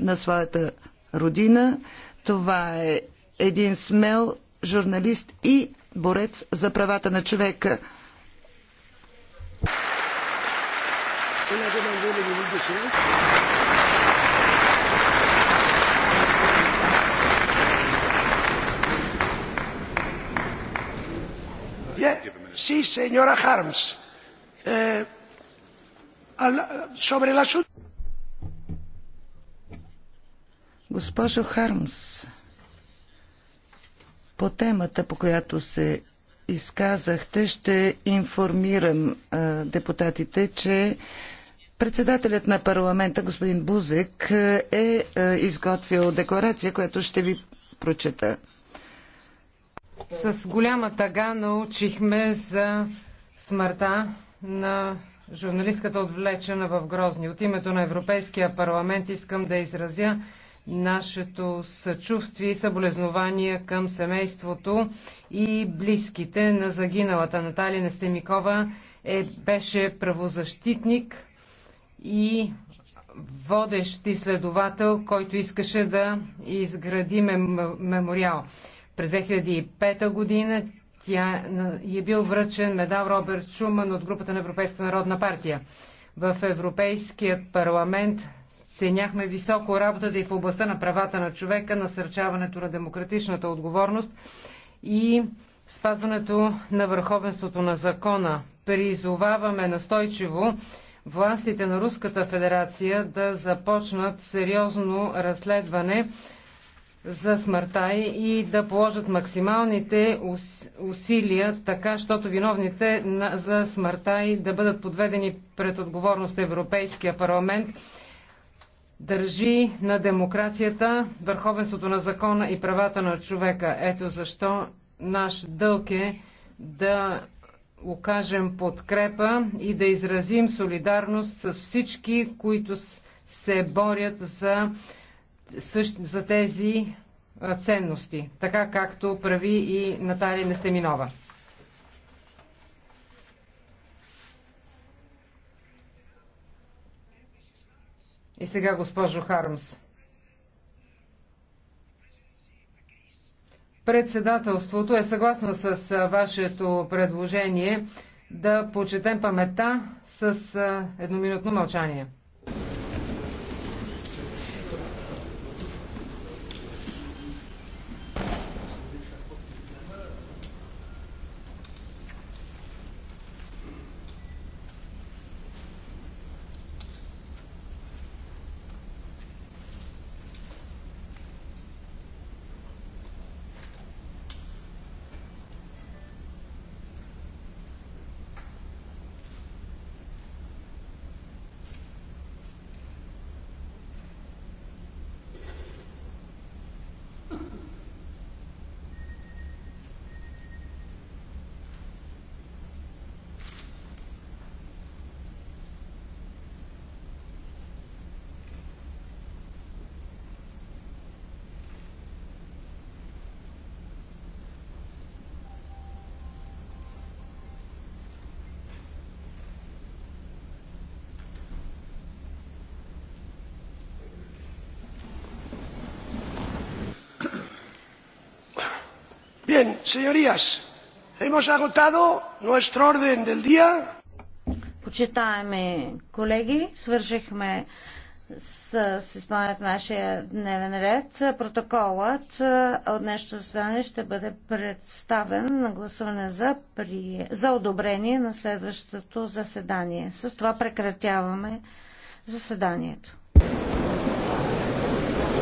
на своята родина. Това е един смел журналист и борец за правата на човека. Sí, señora Harms. Eh, al, sobre el asunto. Госпожо Хармс, по темата, по която се изказахте, ще информирам а, депутатите, че председателят на парламента, господин Бузек, е а, изготвил декларация, която ще ви прочета. С голяма тага научихме за смъртта на журналистката отвлечена в Грозни. От името на Европейския парламент искам да изразя нашето съчувствие и съболезнования към семейството и близките на загиналата. Наталия Нестемикова е, беше правозащитник и водещ изследовател, който искаше да изгради мем, мемориал. През 2005 година тя е бил връчен медал Роберт Шуман от групата на Европейска народна партия. В Европейският парламент Ценяхме високо работата и в областта на правата на човека, насърчаването на демократичната отговорност и спазването на върховенството на закона. Призоваваме настойчиво властите на Руската федерация да започнат сериозно разследване за смъртта и да положат максималните усилия, така, щото виновните за смъртта и да бъдат подведени пред отговорност Европейския парламент държи на демокрацията, върховенството на закона и правата на човека. Ето защо наш дълг е да окажем подкрепа и да изразим солидарност с всички, които се борят за, за тези ценности, така както прави и Наталия Нестеминова. И сега, госпожо Хармс. Председателството е съгласно с вашето предложение да почетем памета с едноминутно мълчание. Bien, señorías, hemos agotado nuestro orden del día. Почитаеми колеги, свършихме с, с изпълнението нашия дневен ред. Протоколът от днешното заседание ще бъде представен на гласуване за, при, за одобрение на следващото заседание. С това прекратяваме заседанието.